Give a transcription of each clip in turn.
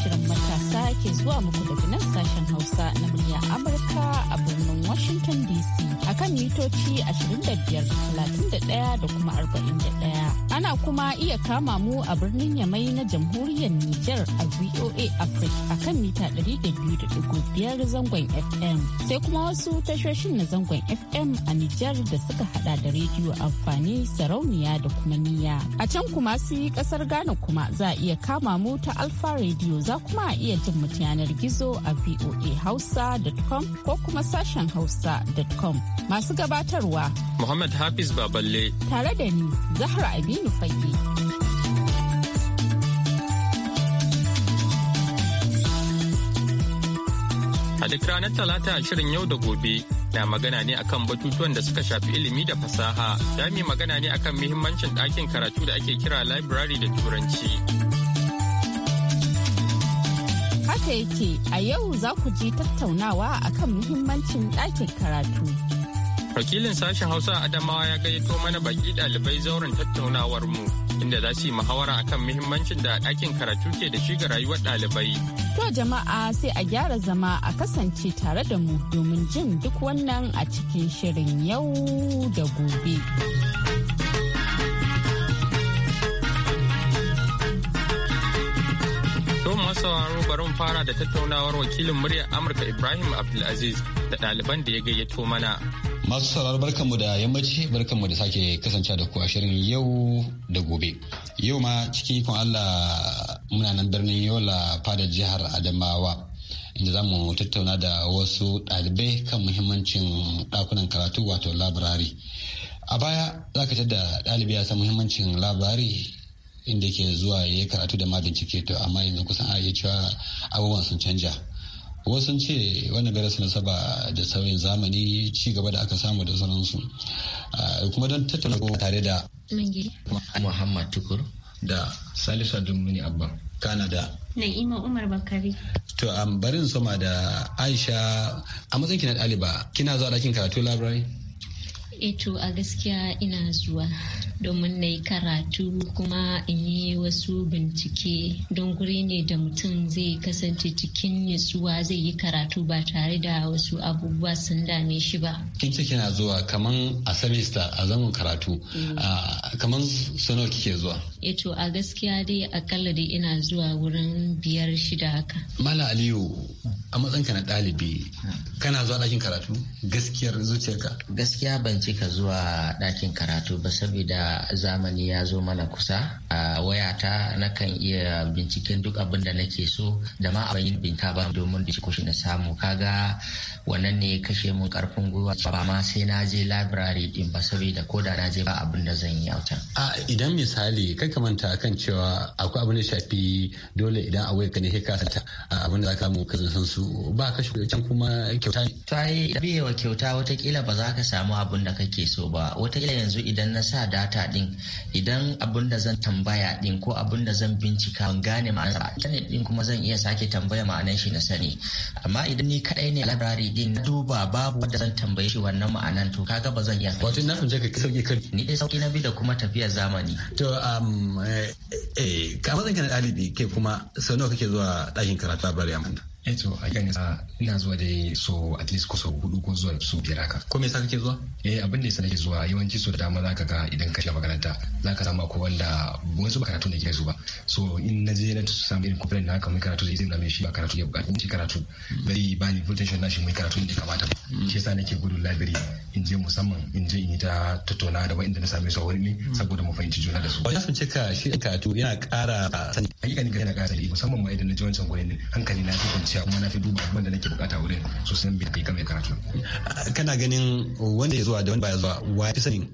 shirin matasa ke zuwa muku daga nan sashen Hausa na murya Amurka a birnin Washington DC akan mitoci 25, 31 da kuma 41. Ana kuma iya kama mu a birnin Yamai na jamhuriyar Nijar a VOA Africa a kan mita 200.5 zangon FM. Sai kuma wasu tashoshin na zangon FM a Nijar da suka hada da rediyo amfani sarauniya da kuma niya. A can kuma su yi kasar Ghana kuma za a iya kama mu ta Alfa rediyo za kuma a iya jin mu yanar gizo a VOA Hausa.com ko kuma sashen Hausa.com. Masu gabatarwa. Muhammad Hafiz Baballe. Tare da ni, Zahra Abi Aminu Fage. A duk ranar Talata shirin yau da gobe na magana ne akan batutuwan da suka shafi ilimi da fasaha. Dami magana ne akan muhimmancin ɗakin karatu da ake kira library da turanci. haka yake a yau za ku ji tattaunawa akan muhimmancin ɗakin karatu wakilin sashen hausa adamawa ya gayyato mana baki dalibai zauren tattaunawar mu inda za su yi muhawara akan muhimmancin da dakin karatu ke da shi ga rayuwar dalibai. to jama'a sai a gyara zama a kasance tare da mu domin jin duk wannan a cikin shirin yau da gobe. masu sauraro bari mu fara da tattaunawar wakilin muryar Amurka Ibrahim Abdulaziz da ɗaliban da ya gayyato mana. Masu sauraro barkanmu da yammaci barkanmu da sake kasance da ku a shirin yau da gobe. Yau ma cikin ikon Allah muna nan birnin Yola fada jihar Adamawa inda za mu tattauna da wasu ɗalibai kan muhimmancin ɗakunan karatu wato labarari. A baya za ka da ɗalibi ya san muhimmancin labarari inda ke zuwa ya karatu da ma bincike to amma yanzu kusan a iya cewa abubuwan sun canja. wasu ce wannan bai na nasaba da sauyin zamani ci gaba da aka samu da sauransu kuma don tattauna tare da muhammad tukur da salisu adumuni abba kanada na'ima umar bakari to um, barin soma da aisha a matsayin kina ɗaliba kina zuwa ɗakin karatu library Eto eh a gaskiya ina zuwa domin na yi karatu kuma in yi wasu bincike don guri ne da mutum zai kasance cikin nutsuwa zai yi karatu ba tare da wasu abubuwa sun dame shi ba. Kin ce kina zuwa kaman a semester a zaman karatu mm. ah, kaman nawa kike zuwa? Eto eh a gaskiya dai akalla dai ina zuwa wurin biyar shida haka. Mala Aliyu a matsanka na ɗalibi mm. kana zuwa ɗakin karatu gaskiyar zuciyarka? Gaskiya ban ce suka zuwa ɗakin karatu ba saboda zamani ya zo mana kusa a wayata kan iya binciken duk abinda da nake so da ma abin binta ba domin da shi na samu kaga wannan ne ya kashe mun karfin gwiwa ba ma sai na je library din ba saboda ko da na je ba abin da zan yi a can. A idan misali kai ka manta akan cewa akwai abin da shafi dole idan a wayar ka ne ka sata abin da ka mu ka san su ba ka shi can kuma kyauta. Ta yi wa kyauta watakila ba za ka samu abin da kake so ba watakila yanzu idan na sa data din idan abin da zan tambaya din ko abin da zan bincika ban gane ma'anar internet din kuma zan iya sake tambaya ma'anar shi na sani amma idan ni kadai ne library din na duba babu wanda zan tambaye shi wannan ma'anan to kaga ba zan iya wato na fahimci ka sauke kan ni dai sauki na bi da kuma tafiya zamani to um eh, eh ka matsayin kana ɗalibi kai kuma sau nawa kake zuwa ɗakin karatu a bari amma eto eh, a kan ina zuwa da so at least ko so hudu ko zuwa so biyar haka ko me yasa kake zuwa eh abin da yasa nake zuwa yawanci so da dama zaka ga idan ka shiga makaranta zaka samu akwai wanda wasu ba karatu ne ke zuwa so in na je na samu irin kofin na haka mun karatu zai zama shi ba karatu ya bukata in ci karatu bai ba ni full na shi mun karatu ne kamata mm. shi yasa nake gudu library in je musamman in je in yi ta tattauna da wa'inda na same su a wurin ne mm. saboda mu fahimci juna da su wajen sun ka shi karatu yana ƙara sani hakika ne yana ƙara sani musamman ma idan na ji wancan gurin hankali na fi siya kuma na fi duba abin da nake bukata wurin so sai bai kai kamar karatu kana ganin wanda ya zuwa da wanda ya zuwa wa fi sanin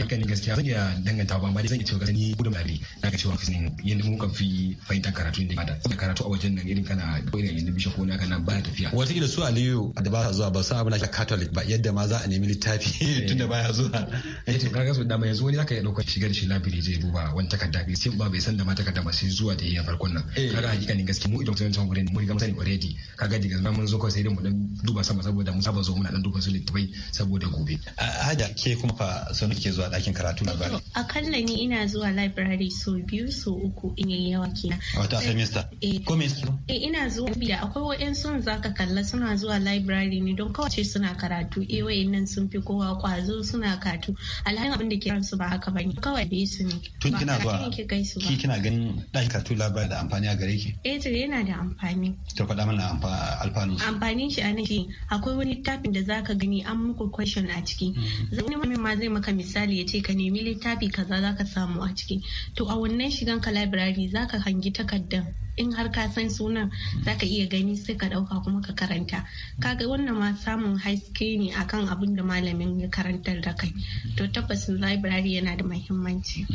yakan gaskiya zan iya danganta ba amma dai zan iya cewa ni gudun abi na ga cewa kusin yanda muka fi fahimtar karatu da mata saboda karatu a wajen nan irin kana irin yanda bishe ko na kana ba tafiya wata da su Aliyu da ba sa zuwa ba san abin da Catholic ba yadda ma za a nemi littafi da baya zuwa eh to kaga su dama yanzu wani zaka iya dauka shigar shi labiri zai duba wani takarda bai sai ba bai san da ma takarda ba sai zuwa da yayin farkon nan eh. kaga ne gaskiya mu idan sun san gurin mun riga mun sani already kaga diga nan mun zo kawai sai dai mu dan duba sama saboda mu saba zo muna dan duba su littafai saboda gobe haja ke kuma fa sun ke zuwa ɗakin karatu labari? Akalla ni ina zuwa library so biyu so uku in yi yawa A Wata Mista. Eh. Ko Mista Eh ina zuwa biya akwai wa'in sun za ka kalla suna zuwa library ne don kawace suna karatu eh wa'in nan sun fi kowa kwazo suna karatu alhain abin da ke ransu ba haka ne kawai da su ne. Tun kina zuwa ki kina ganin ɗakin karatu labari da amfani a gare ki? Eh to yana da amfani. To faɗa mana alfanu. Amfanin shi a nan akwai wani littafin da za ka gani an muku question a ciki. Mm-hmm. Wani ma zai maka misali misali ya ce ka nemi littafi kaza za ka samu a ciki to a wannan shigan ka library za ka hangi takardan in har ka san sunan za ka iya gani sai ka ɗauka kuma ka karanta ka ga wannan ma samun haske ne akan abin da malamin ya karantar da kai to tabbasin library yana da muhimmanci.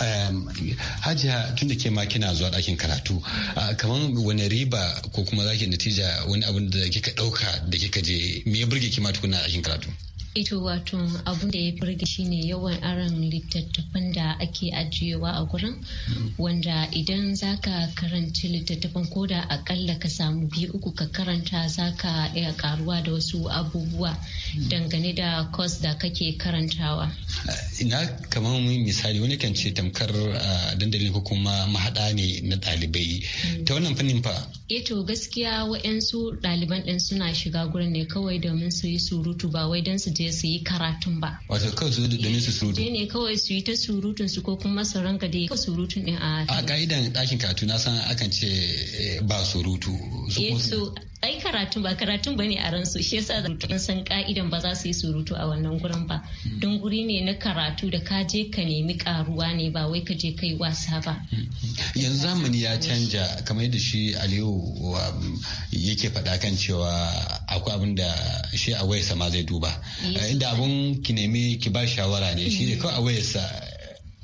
Um, hajiya tun da ke ma kina zuwa ɗakin karatu kamar wani riba ko kuma zaki natija wani abin da kika ɗauka da kika je me ya burge ki ma tukuna ɗakin karatu Ito wato abun da ya firge shi yawan aron littattafan da ake ajiyewa a gurin wanda idan zaka karanci littattafan ko da akalla ka samu biyu uku ka karanta zaka iya karuwa da wasu abubuwa dangane da course da kake karantawa? Ina kamar misali wani kan ce tamkar dandalin ko kuma mahaɗa ne na ɗalibai. Hmm. Ta wannan fannin fa? E to gaskiya wa'yansu ɗaliban ɗin suna shiga gurin ne kawai domin su yi surutu ba wai don su je su yi karatun ba. Wato kawai su domin su eh, surutu? Je ne kawai su yi ta surutun su ko kuma su ranka da surutun ɗin a. A ka'idan ɗakin karatu na san akan ce eh, ba surutu. E to ai karatun ba karatun ba ne a ransu shi yasa da san ka'idan ɗin ba za su yi surutu a wannan gurin ba don guri ne na karatu da ka je ka nemi karuwa ne ba wai ka je kai wasa ba yanzu zamani ya canja kamar yadda shi aliyu um, yake faɗa kan cewa akwai abin da shi a wayarsa ma zai duba inda abun ki nemi ki ba shawara ne shi ne mm. kawai a wayarsa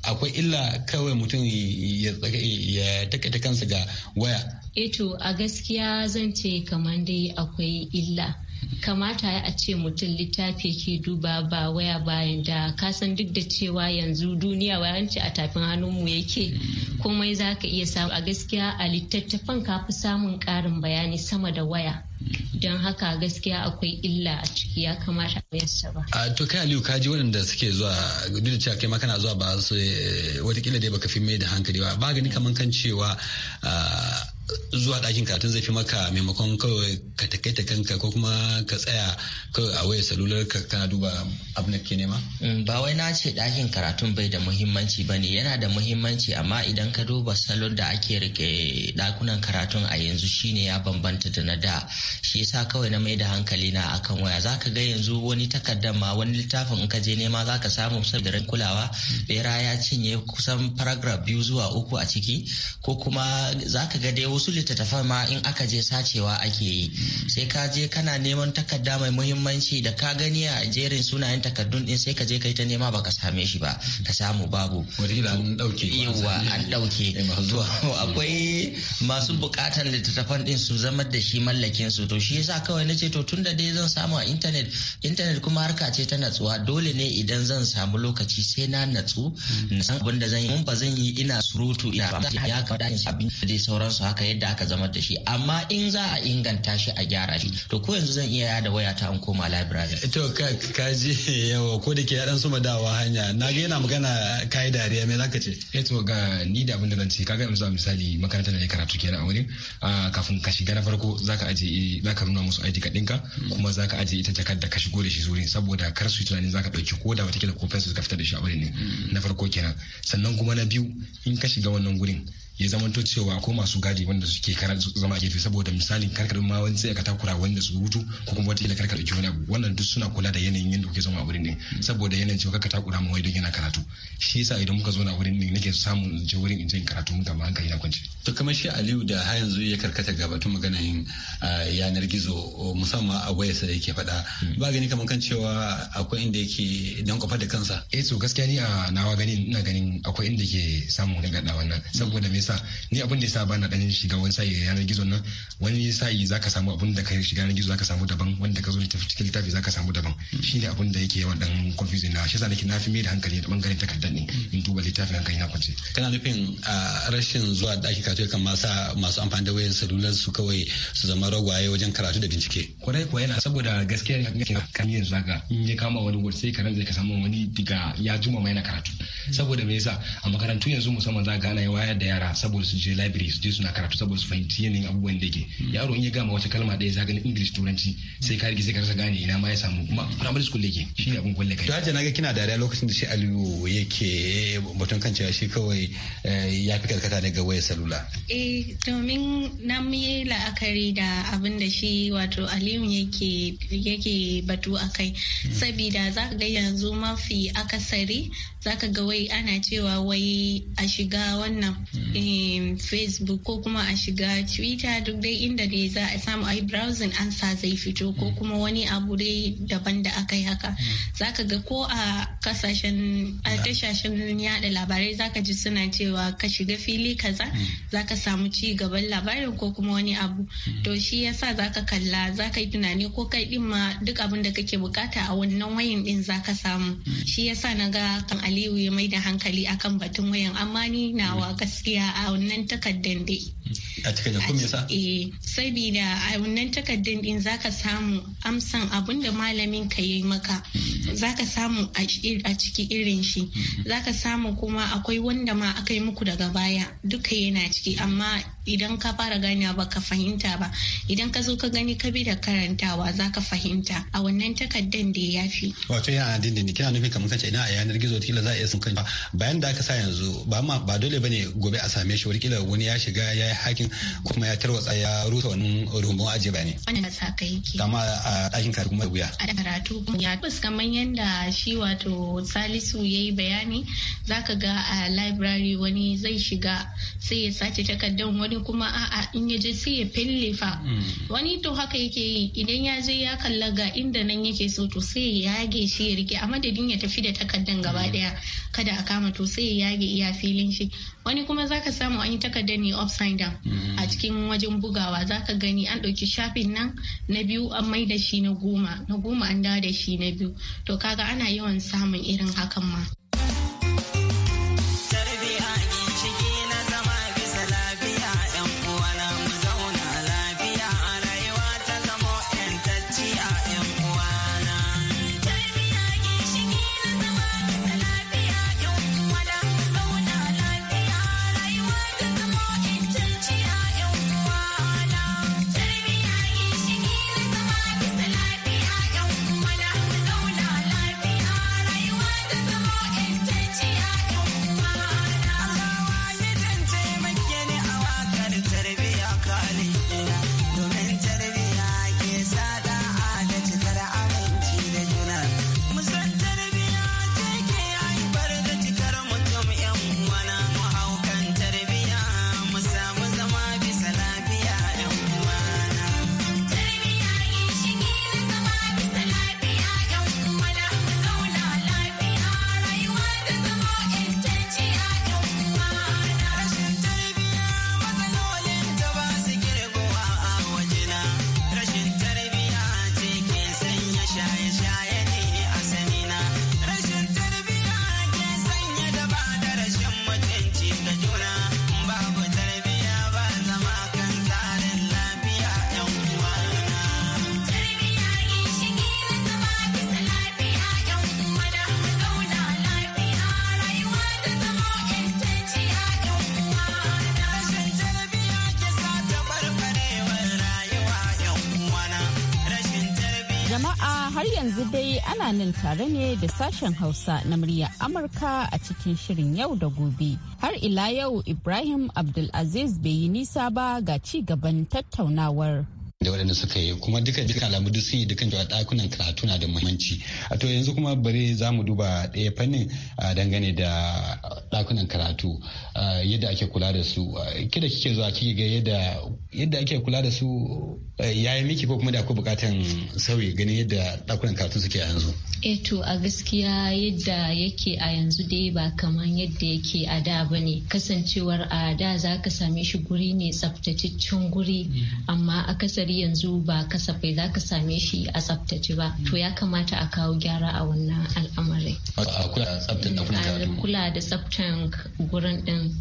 akwai illa kawai mutum ya takaita kansa ga waya eto eh a gaskiya zan ce kamar dai akwai illa kamata ya a ce mutum littafi ke duba ba waya bayan da kasan duk da cewa yanzu duniya wayanci a tafin hannunmu yake komai za ka iya samu a gaskiya a littattafan ka fi samun karin bayani sama da waya don haka gaskiya akwai illa a ciki ya kamata a yasta ba. a to kai aliyu kaji waɗanda suke zuwa duk da cewa kai ma kana zuwa ba su eh, watakila dai baka fi mai da hankali ba ba gani kaman kan cewa ah, zuwa ɗakin karatun zai fi maka maimakon kawai ka takaita kanka ko kuma ka tsaya kawai a waya salular ka kana duba abin da ke nema? Mm, ba wai na ce ɗakin karatun bai da muhimmanci ba ne yana da muhimmanci amma idan ka duba salon da ake rike ɗakunan karatun a yanzu shine ya bambanta da na da shi yasa kawai na mai da hankali na akan waya zaka ga yanzu wani takardar ma wani littafin in ka je nema zaka samu saboda kulawa bera ya cinye kusan paragraph biyu zuwa uku a ciki ko kuma zaka ga dai wasu littattafan ma in aka je sacewa ake yi sai ka je kana neman takarda mai muhimmanci da ka gani a jerin sunayen takardun din sai ka je kai ta nema baka same shi ba ka samu babu yawa an dauke akwai masu bukatan littattafan din su zama da shi mallakin su to shi yasa kawai nace to tunda dai zan samu a internet internet kuma harka ce ta natsuwa dole ne idan zan samu lokaci sai na natsu na san abin da zan yi Mun ba zan yi ina surutu ina ya kamata in abin da dai sauransu haka haka yadda aka zama da shi amma in za a inganta shi a gyara shi to ko yanzu zan iya yada waya ta an koma library to ka ji yawa ko da ke yaran suma dawa hanya na ga yana magana kai dariya me zaka ce eh to ga ni da abin da zan ce kaga yanzu misali makaranta da karatu kenan a wurin kafin ka shiga na farko zaka aje zaka nuna musu ID hmm. ka dinka kuma zaka aje ita takarda ka shigo da shi zurin saboda kar su tunanin zaka dauki ko da wata kila ko fensu ka fita da shi a wurin ne hmm. na farko kenan sannan kuma na biyu in ka shiga wannan gurin ya zamanto cewa ko masu gadi wanda suke karar zama a gefe saboda misalin karkar ma wani sai ka takura wanda su rubutu ko kuma wata karkar da wani wannan duk suna kula da yanayin yadda kuke zama a wurin din saboda yanayin cewa ka takura ma wai don yana karatu shi yasa idan muka zauna a wurin din nake samun in je wurin in je karatu muka ma hankali na kwance to kamar shi Aliyu da har yanzu ya karkata ga batun yin yanar gizo musamman a wayarsa da yake faɗa hmm. ba gani kamar kan cewa akwai inda yake dan kofar da kansa eh to gaskiya ni a nawa ganin ina ganin akwai inda ke samun dangada wannan saboda me yasa ni abin da yasa ba na ganin shiga wani sayi yanar gizo nan wani sayi zaka samu abin da ka shiga yanar gizo zaka samu daban wanda ka zo cikin littafi zaka samu daban ne abin da yake yawan dan confusion na shi yasa nake na fi mai da hankali da bangaren takardar ne in duba littafin hankali na kwance kana nufin rashin zuwa daki karatu kan masa masu amfani da wayan salular su kawai su zama ragwaye wajen karatu da bincike kwarai kuwa yana saboda gaskiya kan yin zaga in ya kama wani wurin sai karen zai ka samu wani diga ya juma mai na karatu saboda me yasa a makarantu yanzu musamman zaga ana wayar da yara saboda su je library su je suna karatu saboda su fahimci yanayin abubuwan da ke hmm. yaro in ya gama wata kalma ɗaya zaga na english turanci hmm. sai ka rige sai ka rasa gane ina ma ya samu kuma primary school yake shi ne abin kulle kai to na ga kina dariya lokacin da shi aliyu yake batun kan cewa shi kawai eh, ya fi karkata daga wayar salula eh domin na yi la'akari da abin da shi wato aliyu yake yake batu a kai hmm. sabida za ka ga yanzu mafi akasari za ka ga wai ana cewa wai a shiga wannan eh, facebook ko kuma a shiga twitter duk dai inda dai za a samu ai browsing ansa zai fito ko mm. kuma wani abu dai daban da aka yi haka mm. zaka ga ko a kasashen tashashen yada labarai zaka ji suna cewa ka shiga fili kaza mm. zaka samu ci gaban labarin ko kuma wani abu to shi yasa zaka kalla zaka yi tunani ko kai din ma duk abin da kake bukata a wannan wayan din zaka samu shi yasa naga kan Aliyu ya mai da hankali akan batun wayan amma ni nawa gaskiya a wannan takardar dai a cikin ko me yasa eh saboda a wannan takardar din zaka samu amsan abin da malamin ka yi maka mm. zaka samu a ciki irin shi mm. zaka samu kuma akwai wanda ma aka yi muku daga baya duka yana ciki amma idan ka fara gane ba ka fahimta ba idan ka zo ka gani ka bi da karantawa za ka fahimta a wannan takardar da ya fi. wato yana dindini kina nufin kamar kace ina a yanar gizo tila za a iya sun kan bayan da aka sa yanzu ba ma ba dole bane gobe a sa same shi wani wani ya shiga ya yi hakin kuma ya tarwatsa ya rusa wani rumbun aji ba ne. Wannan sa ka ke. Kama a ɗakin kare kuma wuya. A da karatu ya tabbas kamar yadda shi wato Salisu ya yi bayani za ka ga a library wani zai shiga sai ya sace takardar wani kuma a'a in ya je sai ya fillifa. Mm. Wani to haka yake yi idan ya je ya kalla ga inda nan yake so to sai ya yage shi ya rike a madadin ya tafi da takardar gaba daya mm. kada a kama to sai ya yage iya filin shi wani kuma za ka. samu an yi takardar ne upside down mm. a cikin wajen bugawa za ka gani an ɗauki shafin nan na biyu an mai da shi na goma na goma an dawo da shi na biyu to kaga ana yawan samun irin hakan ma yanzu dai ana nan tare ne da sashen Hausa na murya Amurka a cikin shirin yau da gobe. Har ila yau Ibrahim Abdulaziz bai yi nisa ba ga ci gaban tattaunawar. da waɗanda suka yi kuma duka duka alamu duk sun yi dukan jawa ɗakunan karatu na da muhimmanci a to yanzu kuma bari za mu duba ɗaya fannin dangane da ɗakunan karatu yadda ake kula da su kida kike zuwa kike ga yadda yadda ake kula da su yayi miki ko kuma da akwai bukatan sauyi ganin yadda ɗakunan karatu suke a yanzu eh to a gaskiya yadda yake a yanzu dai ba kamar yadda yake a da bane kasancewar a da za ka same shi guri ne tsaftataccen guri mm. amma a akasari yanzu ba kasafai za ka same shi a tsaftace ba to ya kamata a kawo gyara a wannan al'amarin kula da tsaftan gurin din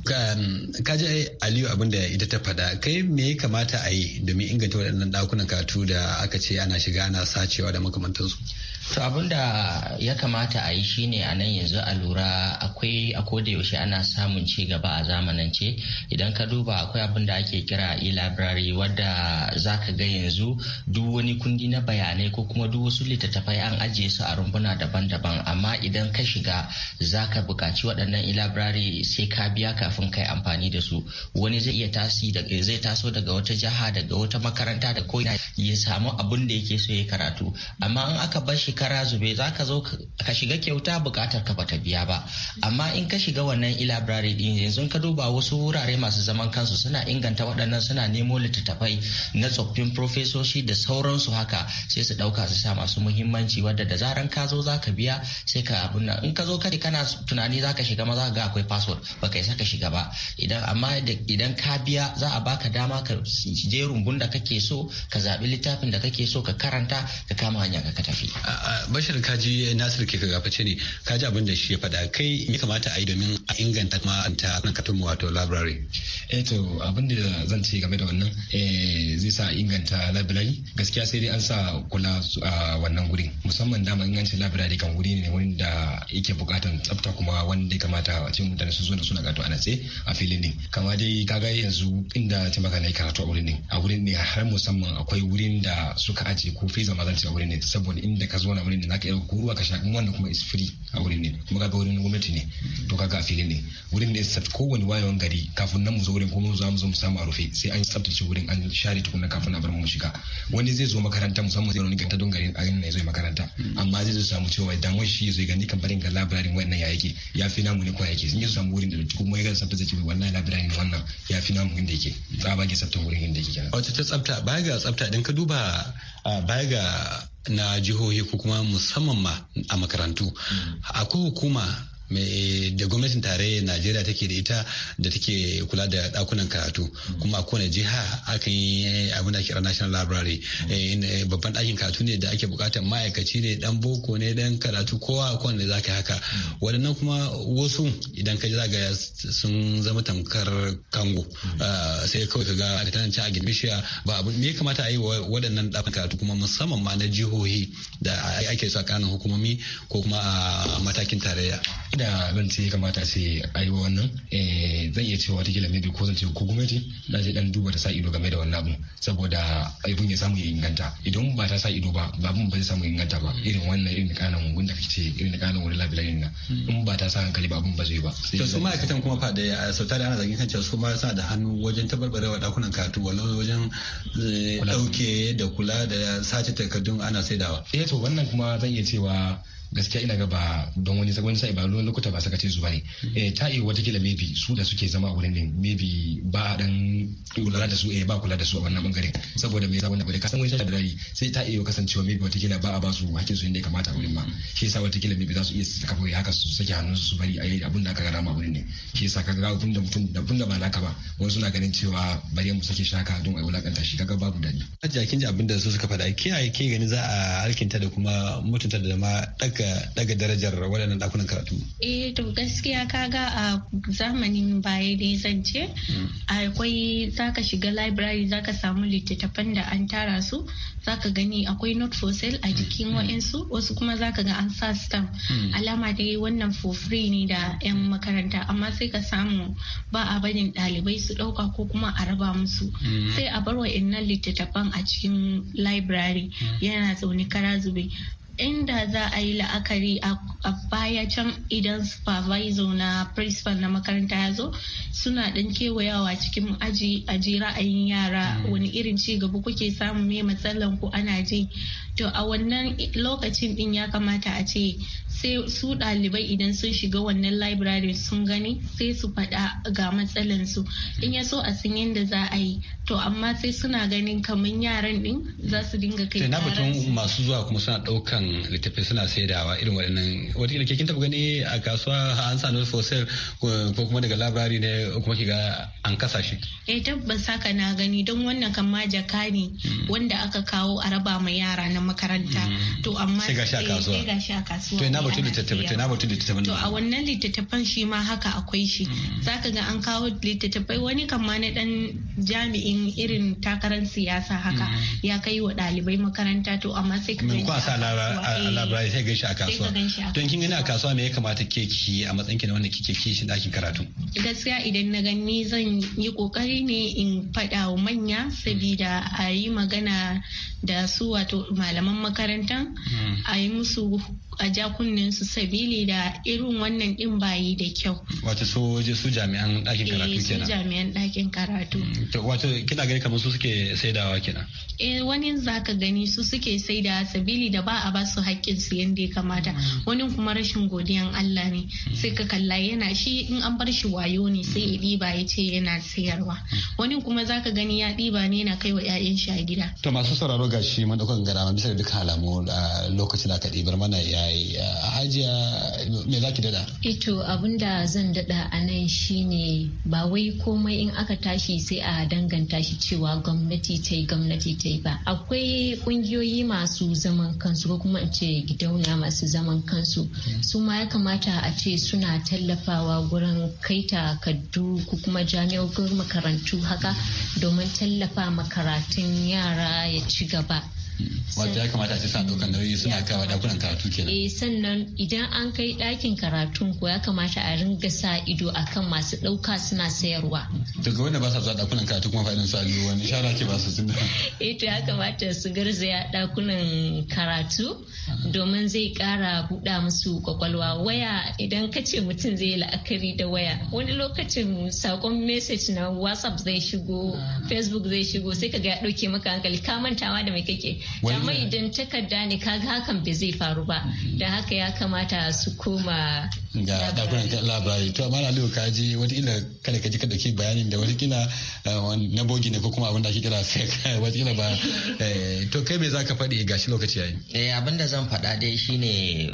ka ji aliyu abin da ita ta faɗa kai me ya kamata a yi domin inganta waɗannan ɗakunan katu da aka ce ana shiga ana sacewa da makamantansu To abin da ya kamata a yi shine a nan yanzu a lura akwai a koda yaushe ana samun ci gaba a ce idan ka duba akwai abin da ake kira e-library wadda za ka ga yanzu duk wani kundi na bayanai ko kuma duk wasu littattafai an ajiye su a rumbuna daban-daban amma idan ka shiga za ka buƙaci waɗannan e-library sai ka biya kafin kai amfani da su wani zai iya tasi zai taso daga wata jaha daga wata makaranta da ko ya samu abin da yake so ya karatu amma in aka bar shi ki kara zube za ka zo ka shiga kyauta bukatar ka bata biya ba amma in ka shiga wannan e-library din yanzu ka duba wasu wurare masu zaman kansu suna inganta waɗannan suna nemo littattafai na tsoffin profesoshi da sauransu haka sai su ɗauka su sa masu muhimmanci wadda da zaran ka zo za ka biya sai ka abu in ka zo kai kana tunani za ka shiga ma za ka ga akwai password ba kai saka shiga ba idan amma idan ka biya za a baka dama ka je rumbun da kake so ka zaɓi littafin da kake so ka karanta ka kama hanya ka tafi. bashir kaji nasir ke kaga fice ne kaji abin da shi ya faɗa kai ya kamata a yi domin a inganta ma ta mu wato library eh to abin da zan ce game da wannan eh, zai sa inganta library gaskiya sai dai an sa kula a wannan gurin musamman dama ingancin library kan wuri ne wanda da yake bukatan tsafta kuma wanda ya kamata a cikin mutane su zo da suna gato a natse a filin din kama dai kaga yanzu inda ta magana karatu a wurin din a wurin ne har musamman akwai wurin da suka aje ko fiza ma zan ce a wurin ne saboda inda ka zo zauna wurin ne zaka iya ko ruwa ka sha kuma kuma is free a wurin ne kuma ga wurin gwamnati ne to kaga a fili ne wurin ne sat kowane wayewan gari kafin nan mu zo wurin kuma mu za zo mu samu a rufe sai an tsaftace wurin an share tukunna kafin a bar mu shiga wani zai zo makaranta musamman zai ganta don gari a ne zai makaranta amma zai zo samu cewa wani shi zai gani kan barin ga labirarin wannan ya yake ya fi namu ne ko yake sun yi samu wurin da kuma ya gaza tsaftace ce wannan labirarin wannan ya fi namu inda yake tsabage tsaftar wurin inda yake kenan wata ta tsafta baya ga tsabta idan ka duba baya ga na jihohi ko kuma musamman ma a makarantu hmm. akwai hukuma da gwamnatin tarayyar najeriya take da ita da take kula da dakunan karatu kuma a kowane jiha aka yi eh, abin da kira national library eh, eh, babban ɗakin karatu ne da ake bukatar ma'aikaci ne dan boko ne dan karatu kowa a kowane za ka haka waɗannan kuma wasu idan ka ji zaga sun zama tamkar kango ah, sai kawai ka ga a tantance a bishiya ba abu me ya kamata a yi waɗannan ɗakunan karatu kuma musamman ma na jihohi da ake sa kanin hukumomi ko kuma a matakin tarayya da zan ce kamata sai a yi wannan eh, zan iya cewa wata maybe ko zan ce ko gwamnati na je dan duba ta sa ido game da wannan abu saboda abin ya samu ya inganta idan ba ta sa ido ba abin ba zai samu inganta ba mm. irin wannan irin kanan mun da kace irin kanan wani labirin na mm. in ba ta sa hankali ba abin ba zai ba to su ma'aikatan kuma fa da sau tare ana zargin kance su ma sa da hannu wajen tabarbarewa dakunan katu walau wajen dauke eh, da kula da sace takardun ana saidawa eh to wannan kuma zan iya cewa gaskiya ina ga ba don wani wani sai ba lokuta lokuta ba sakace su bane mm-hmm. eh ta yi wata kila maybe su da suke zama a wurin ne maybe ba a dan kula da su eh ba kula da su a wannan bangare saboda me yasa wannan bare kasan wani sai da rai sai ta iya kasancewa maybe wata kila ba a ba su hakkin su inda ya kamata a wurin ma mm-hmm. shi yasa wata kila maybe za su iya su kafa haka su saki hannun su bari a yi abin da aka gara ma wurin ne shi yasa ga abin da mutum da abin da ba laka ba wasu na ganin cewa bari mu sake shaka don a wulakanta shi kaga babu dadi. Ajiya kin ji abin da su suka faɗa kiyaye ke gani za a alkinta da kuma mutunta da ma ɗaka suka daga darajar waɗannan ɗakunan karatu? Eh to gaskiya kaga a zamanin baya dai zan ce hmm. akwai zaka shiga library zaka samu littattafan da an tara su ka gani akwai not for sale a hmm. jikin wa'insu wasu kuma zaka ga an sa stamp hmm. alama dai wannan for free ne da 'yan makaranta amma sai ka samu ba a barin ɗalibai su ɗauka ko kuma a raba musu sai a bar wa'innan littattafan a cikin library yana zaune kara zube inda za a yi la'akari a baya can idan supervisor na principal na makaranta ya zo suna dan kewayawa cikin aji a ji ra'ayin yara hmm. wani irin ci gaba kuke samu mai matsalan ku ana ji to a wannan lokacin din ya kamata a ce sai su ɗalibai idan sun shiga wannan library sun gani sai su faɗa ga matsalan su in ya so a san yadda za a yi to amma sai suna ganin kamar yaran din za su dinga kai na batun masu zuwa kuma suna ɗaukan littafi suna saidawa irin waɗannan wata ke kin taɓa gani a kasuwa an sanar for sale ko kuma daga library ne kuma ga an kasa shi eh tabbas haka na gani don wannan kan ma jaka ne mm. wanda aka kawo a raba ma yara na makaranta mm. to amma sai ga shi a kasuwa batun littattafai na littattafai to a wannan littattafan shi ma haka akwai shi mm-hmm. zaka ga an kawo littattafai wani kamma na dan jami'in irin takarar siyasa haka mm-hmm. ya kai wa dalibai makaranta to amma sai ka ganshi a labarai sai ganshi a eh, kasuwa don kin gani a kasuwa me ya kamata ke ki a matsayin ki na wanda kike ki shi dakin karatu gaskiya idan na gani zan yi kokari ne in fada wa manya sabida a yi magana da su wato malaman makarantan mm-hmm. a yi musu a jakunnen su sabili da irin wannan din bayi da kyau. Wato je su jami'an ɗakin eh, karatu kenan. su jami'an ɗakin karatu. Mm, wato kina gani kamar su suke saidawa kenan. Eh wani zaka gani su suke saida sabili da ba a ba su haƙƙin su yanda ya kamata. Mm. Wani kuma rashin godiyan Allah ne. Mm. Sai ka kalla yana shi in an bar shi wayo ne sai ya ɗiba ya ce yana sayarwa. Wani kuma zaka gani ya ɗiba ne yana kai wa 'ya'yan shi a gida. To masu sauraro gashi mun ɗaukar gara bisa da duka alamu lokacin da aka ɗibar mana ya hajiya me za ki dada ito eh abinda zan dada a nan shine ba wai komai in aka tashi sai a danganta shi cewa gwamnati ta yi gwamnati ta yi ba akwai kungiyoyi masu zaman kansu ko kuma in ce gidauniya masu zaman kansu hmm. su ma ya kamata a ce suna tallafawa gurin kai takardu ko kuma jami'o'in makarantu haka domin tallafa makaratun yara ya ci gaba wato ya kamata ce suna dokan nauyi suna kawo dakunan karatu kenan eh sannan idan an kai ɗakin karatun ko ya kamata a ringa sa ido akan masu ɗauka suna sayarwa daga wanda ba sa zuwa ɗakunan karatu kuma faɗin su aliyu wani shara ke ba su sun eh to ya kamata su garzaya ɗakunan karatu domin zai kara buɗa musu kwakwalwa waya idan ka ce mutum zai la'akari da waya wani lokacin sakon message na whatsapp zai shigo ah. facebook zai shigo sai ka ga ya ɗauke maka hankali ka mantawa da mai kake da mai idan takarda ne kaga hakan bai zai faru ba da haka ya kamata su koma ga dakunan labari to amma aliyu ka ji watakila kada ka ji ka dauki bayanin da watakila eh, na bogi ne ko kuma abin da ake kira fake watakila ba eh, to kai me zaka faɗi shi lokaci yayi eh abin da zan faɗa dai shine eh,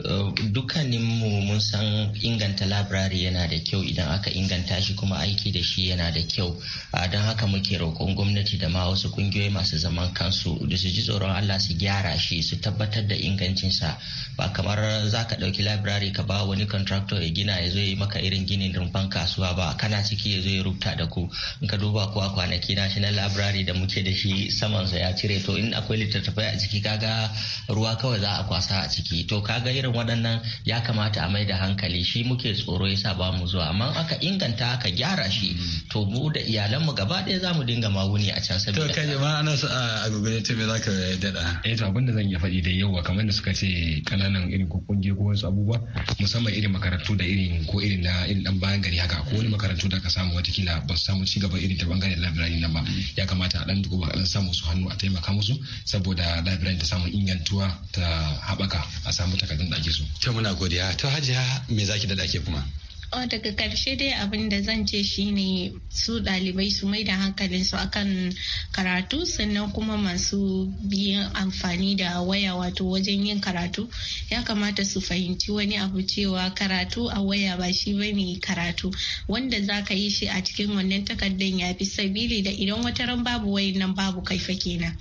dukkanin mu mun san inganta labari yana da kyau idan aka inganta shi kuma aiki da shi yana da kyau ah, don haka muke roƙon gwamnati da ma wasu kungiyoyi masu zaman kansu da su ji tsoron Allah su gyara shi su tabbatar da ingancinsa ba kamar zaka dauki labirari ka ba wani contract to ya gina ya zo ya yi maka irin ginin rumfan kasuwa ba kana ciki ya zo ya rubuta da ku in ka duba ko a kwanaki national library da muke da shi saman sa ya cire to in akwai littattafai a ciki kaga ruwa kawai za a kwasa a ciki to kaga irin waɗannan ya kamata a mai da hankali shi muke tsoro sa ba mu zuwa amma aka inganta aka gyara shi mm. to mu da iyalanmu gaba ɗaya za mu dinga maguni a can saboda to kai ma ana su a za ka daɗa eh to abin da zan iya faɗi da yawa kamar da suka ce kananan irin kungiyoyi ko wasu abubuwa musamman irin makarantar. makarantu da irin ko irin na irin dan bayan gari haka ko wani makarantu da aka samu watakila ba su samu cigaba irin ta bangaren labirari nan ba ya kamata a dan duba a samu su hannu a taimaka musu saboda labirari ta samu ingantuwa ta haɓaka a samu takardun da ake so. ta muna godiya to hajiya me zaki da ke kuma. Oh, daga karshe dai abin da zan ce shine su dalibai su mai da hankalin su akan karatu sannan kuma masu biyan amfani da waya wato wajen yin karatu ya kamata su fahimci wani abu cewa karatu a waya ba shi bane karatu wanda za ka yi shi a cikin wannan takardun ya fi sabili da idan wata ran babu wayan nan babu kaifa kenan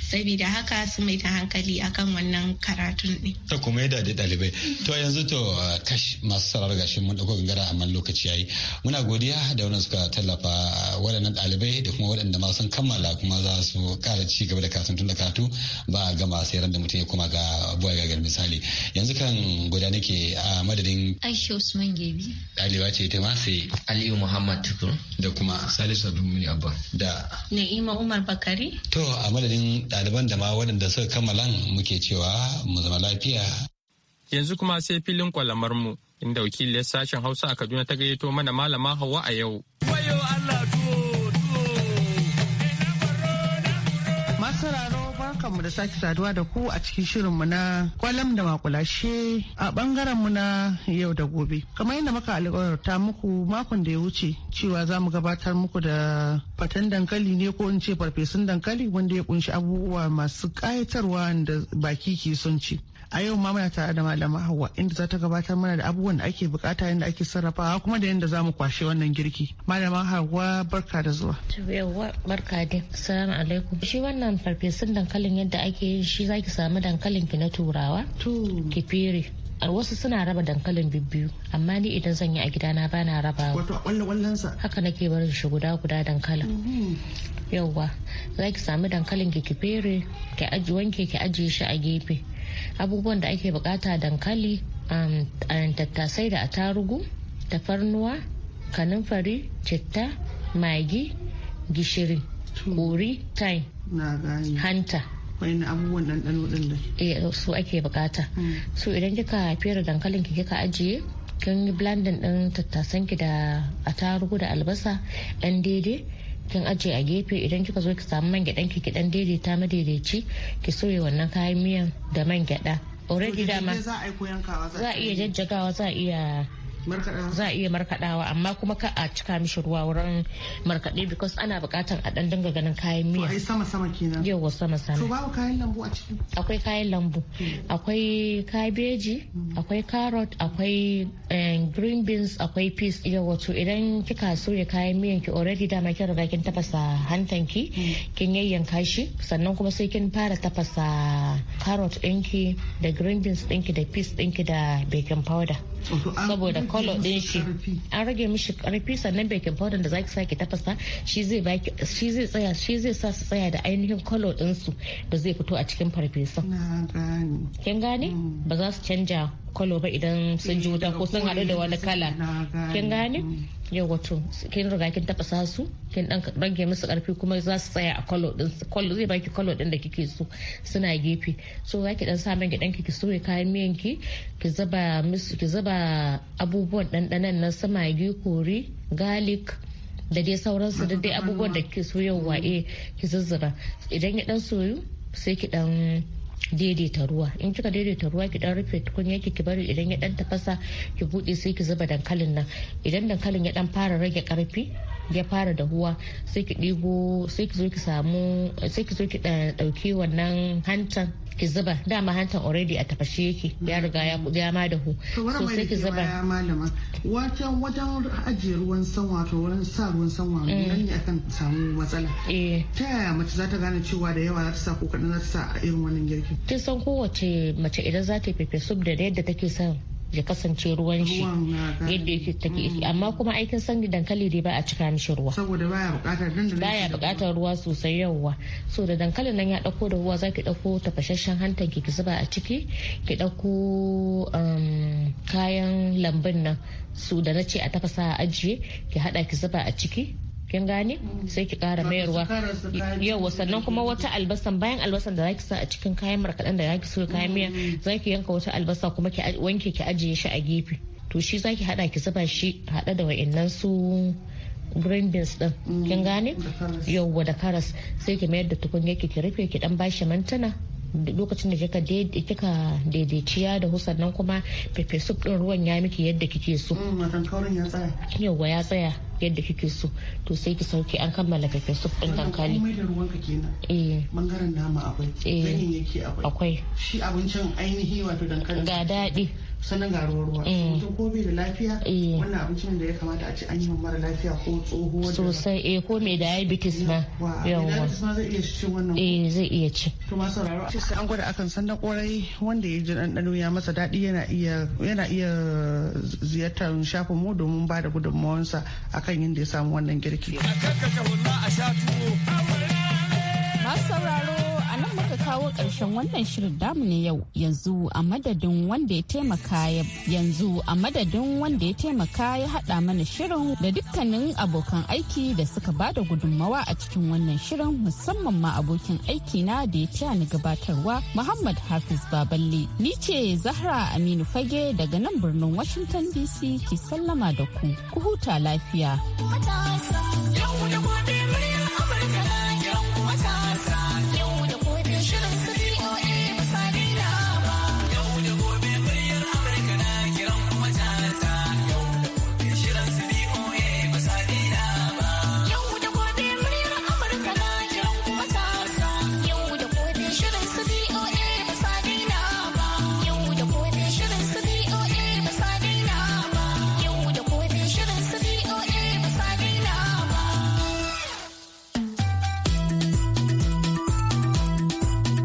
saboda haka su mai ta hankali akan wannan karatun ne. ta kuma yadda da ɗalibai to yanzu to uh, kash masu sarar gashin mun ɗauko gangara man lokaci yayi muna godiya da wannan suka tallafa uh, waɗannan ɗalibai da kuma waɗanda ma sun kammala kuma za su ƙara ci gaba da karatun tun da karatu ba a gama sai ran da mutum ya koma ga buwa gagar misali yanzu kan guda nake a uh, madadin Aisha Usman Gebi ɗaliba ce ita ma sai Aliyu Muhammad Tukur da kuma Salisu Abdulmuni Abba da Na'ima Umar Bakari to a madadin ɗaliban da ma waɗanda suka kammala muke cewa mu zama lafiya. Yanzu kuma sai filin kwalamar mu inda wakiliyar sashen Hausa a Kaduna ta gayyato mana malama Hauwa a yau. Wayo Allah barkanmu da sake saduwa da ku a cikin shirin mu na kwalam da makulashe a bangaren mu na yau da gobe. Kamar yadda muka alƙawarta muku makon da ya wuce cewa za mu gabatar muku da fatan dankali ne ko in ce farfesun dankali wanda ya kunshi abubuwa masu ƙayatarwa da baki ke son ci. a yau ma muna tare da malama hawa inda za ta gabatar mana da abubuwan da ake bukata yadda ake sarrafawa kuma da yadda za mu kwashe wannan girki malama hawa barka da zuwa barka da salamu alaikum shi wannan farfesun dankalin yadda ake yin shi zaki samu dankalin ki na turawa ki fere wasu suna raba dankalin bibbiyu amma ni idan zan yi a gida na bana raba haka nake barin shi guda guda dankalin mm-hmm. yauwa za ki sami dankalin ki fere ki aji wanke ki ajiye shi a gefe abubuwan da ake bukata dankali a um, um, tattasai da atarugu tafarnuwa kanunfari citta magi gishiri kori time hanta wani abubuwan ɗanɗano ɗin da eh su ake bukata hmm. so idan kika fere dankalin ki kika ajiye kin yi blandin ɗin tattasan ki da attarugu da albasa ɗan daidai kin ajiye a gefe idan kika zo ki samu man gyaɗan ki dan daidaita madaidaici ki soya wannan kayan miyan da man gyaɗa already dama za a iya jajjagawa za a iya za a iya markaɗawa amma kuma ka a cika mishi ruwa wurin markaɗe because ana bukatan a ɗan dinga ganin kayan miya ai sama sama kenan yawa sama sama to babu kayan lambu a ciki akwai kayan lambu hmm. akwai kabeji hmm. akwai carrot akwai eh, green beans akwai peas yawa to idan kika soya kayan miyan ki already dama kin riga kin tafasa hantan ki hmm. kin yayyanka shi sannan kuma sai kin fara tafasa carrot ɗinki da green beans ɗinki da peas ɗinki da baking powder saboda kolo din shi an rage mishi karfi sannan bakin powder da zaki sake tafasa shi zai tsaya shi zai sa su tsaya da ainihin kolo din su da zai fito a cikin farfesa kin gane mm. ba za su canja kolo ba idan sun juta ko sun haɗu da wani kala kin gane mm. yau wato kin riga kin tafasa su kin dan rage musu karfi kuma za su tsaya a kwallo din kwallo zai baki kwallo din da kike so suna gefe so zaki dan sa man gidan ki soya kayan miyan ki ki zuba musu ki zuba abubuwan dandanan na sama gi kori garlic da dai sauransu da dai abubuwan da kike so yawa eh ki zazzaba idan ya dan soyu sai ki dan daidaita ruwa in kika daidaita ruwa ki dan rufe tukunya ki bari idan ya dan tafasa ki bude sai ki zuba dankalin nan idan dankalin ya dan fara rage karfi ya fara dahuwa sai ki ɗigo sai ki zo ki samu sai ki zo ki ɗauki wannan hantan ki zuba dama hantan already a tafashe yake ya riga ya ya ma dahu so sai ki zuba malama wajen wajen ajiye ruwan san wato wurin sa ruwan san wa mm. nan ne akan samu matsala eh. ta yaya mace za ta gane cewa da yawa za ta sa ko kadan za ta sa a irin wannan girki kin san kowace mace idan za ta fefe sub da yadda take son ya kasance ruwan shi yadda yake take mm. amma kuma aikin san dankali dai ba a cika mishi ruwa saboda baya bukatar dandalin baya bukatar ruwa sosai yawa so da dankalin nan ya dauko da ruwa zaki dauko tafashashen hantan ki zuba a ciki ki dauko um, kayan lambun nan su da na ce a tafasa a ajiye ki hada ki zuba a ciki kin gane mm. sai ki kara mayarwa yawa sannan kuma wata albasan bayan albasan da zaki sa a cikin kayan markaɗen da zaki so kayan miya mm. zaki yanka wata albasa kuma ki wanke ki ajiye shi a gefe to shi zaki hada ki zuba shi hada da wa'annan su green beans din mm. kin gane yawwa da karas sai ki mayar da tukunya ki ki rufe ki dan bashi mantana lokacin da kika kika daidaiciya da hu sannan kuma pepe soup din ruwan ya miki yadda kike so yawwa ya tsaya yadda kike so to sai ki sauke an kammala fefesuf din dankali komai da ruwanka kenan eh bangaren nama akwai eh. ganyayyaki akwai akwai shi abincin ainihi wato dankalin ga daɗi sannan ga ruwa ruwa eh. mutum ko bai da lafiya eh. wannan abincin da ya kamata a ci an yi wa mara lafiya ko tsoho sosai eh ko mai diabetes ma yawa diabetes ma zai iya cin wannan eh zai iya ci to ma sauraro sai an gwada akan sandan kwarai wanda ya ji ɗanɗano ya masa daɗi yana iya yana iya ziyartar shafin mu domin ba da gudunmawarsa a akan yadda ya samu wannan girki. Masu sauraro a muka kawo ƙarshen wannan shirin damu ne yau yanzu a madadin wanda ya taimaka ya yanzu a madadin wanda ya taimaka ya haɗa mana shirin da dukkanin abokan aiki da suka bada gudunmawa a cikin wannan shirin musamman ma abokin aiki na da ya taya ni gabatarwa Muhammad Hafiz Baballe. Ni ce Zahra Aminu Fage daga nan birnin Washington DC ki sallama da ku. Ku huta lafiya.